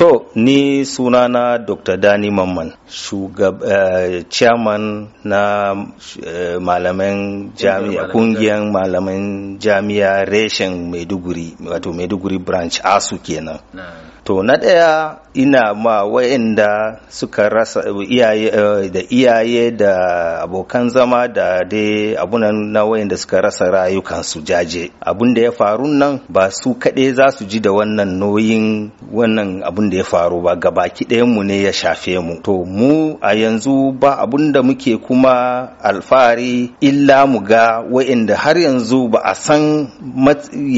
To, ni sunana Dr. Dani Mamman, eh, chairman na eh, malaman jami'a, kungiyar malaman jami'a reshen Maiduguri, wato Maiduguri branch ASU kenan. To, na ɗaya ina ma wa'inda suka rasa iyaye eh, da iyaye da abokan zama da dai abunan na wa'inda suka rasa rayukansu jaje. Abun da ya faru nan ba su kaɗai za su ji da wannan noyin wannan abun da ya faru ba gabaki mu ne ya shafe mu to mu a yanzu ba abun da muke kuma alfahari illa mu ga wa'inda har yanzu ba a san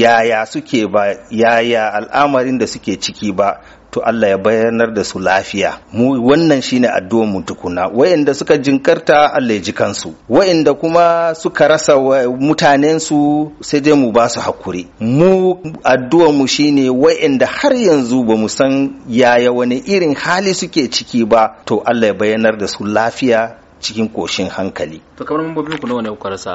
yaya suke ba yaya al'amarin da suke ciki ba to Allah ya bayanar da su lafiya mu wannan shine addu'ar mu tukuna wayanda suka jinkarta Allah ya ji kansu wayanda kuma suka rasa mutanen su sai dai mu ba su hakuri mu addu'ar mu shine wayanda har yanzu ba mu san yaya wani irin hali suke ciki ba to Allah ya bayanar da su lafiya cikin koshin hankali to kamar mambobin ku nawa ne kuka rasa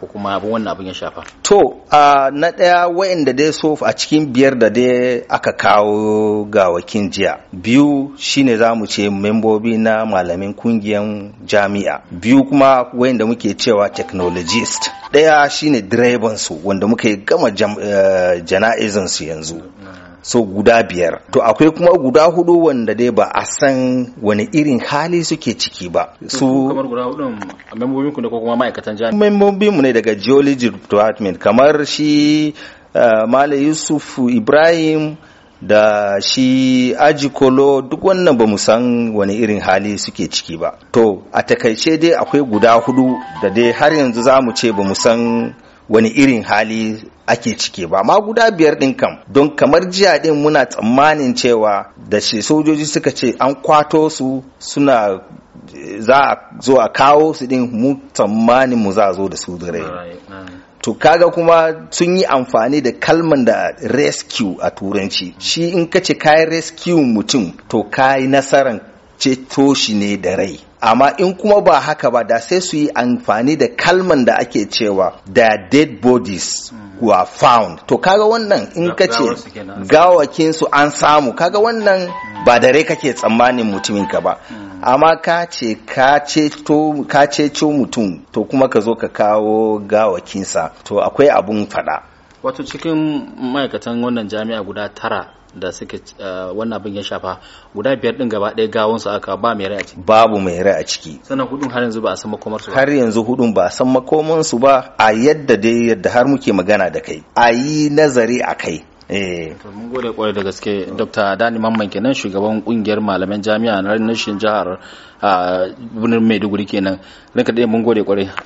ku kuma abin wannan abin ya shafa to na daya wayanda dai so a cikin biyar da dai aka kawo ga wakin jiya biyu shine zamu ce membobi na malamin kungiyar jami'a biyu kuma wayanda muke cewa technologist ɗaya shine direban su wanda muke gama eh, jana'izansu yanzu mm. so guda biyar to akwai kuma guda hudu wanda dai ba a san wani irin hali suke ciki ba su kamar guda hudu membobinku ne ko kuma ma'aikatan jami'a membobinmu ne daga geology department kamar shi eh, Malam Yusuf Ibrahim da shi ajikolo duk wannan ba mu san wani irin hali suke ciki ba to a takaice dai akwai guda hudu da dai har yanzu za mu ce ba mu san wani irin hali ake cike ba ma guda biyar din kam don kamar jiya din muna tsammanin cewa da ce sojoji suka ce an kwato su suna za a zo a kawo su din mu tsammanin mu za a zo da su dare to kaga kuma sun yi amfani da kalman da rescue a turanci shi in ka ce kayan rescue mutum to kayi nasaran ceto shi ne da rai amma in kuma ba haka ba da sai su yi amfani da kalman da ake cewa da dead bodies were found to kaga wannan in ka ce gawakin an samu kaga wannan ba da rai kake tsammanin mutumin ka ba hmm. amma ka ce ka ceto mutum to kuma ka zo ka kawo gawakinsa to akwai abun faɗa wato cikin ma'aikatan wannan jami'a guda tara da suke eh, wannan abin ya shafa guda biyar din gaba ɗaya gawon su aka ba mai rai a ciki babu mai rai a ciki sannan hudun har yanzu ba a san makomar su ba har yanzu hudun ba a san makomar su ba a yadda dai yadda har muke magana da kai a yi nazari a kai eh. mun gode kwarai da gaske dr dani mamman kenan shugaban kungiyar malaman jami'a na rashin jihar ah, birnin maiduguri kenan ranka dai mun gode kwarai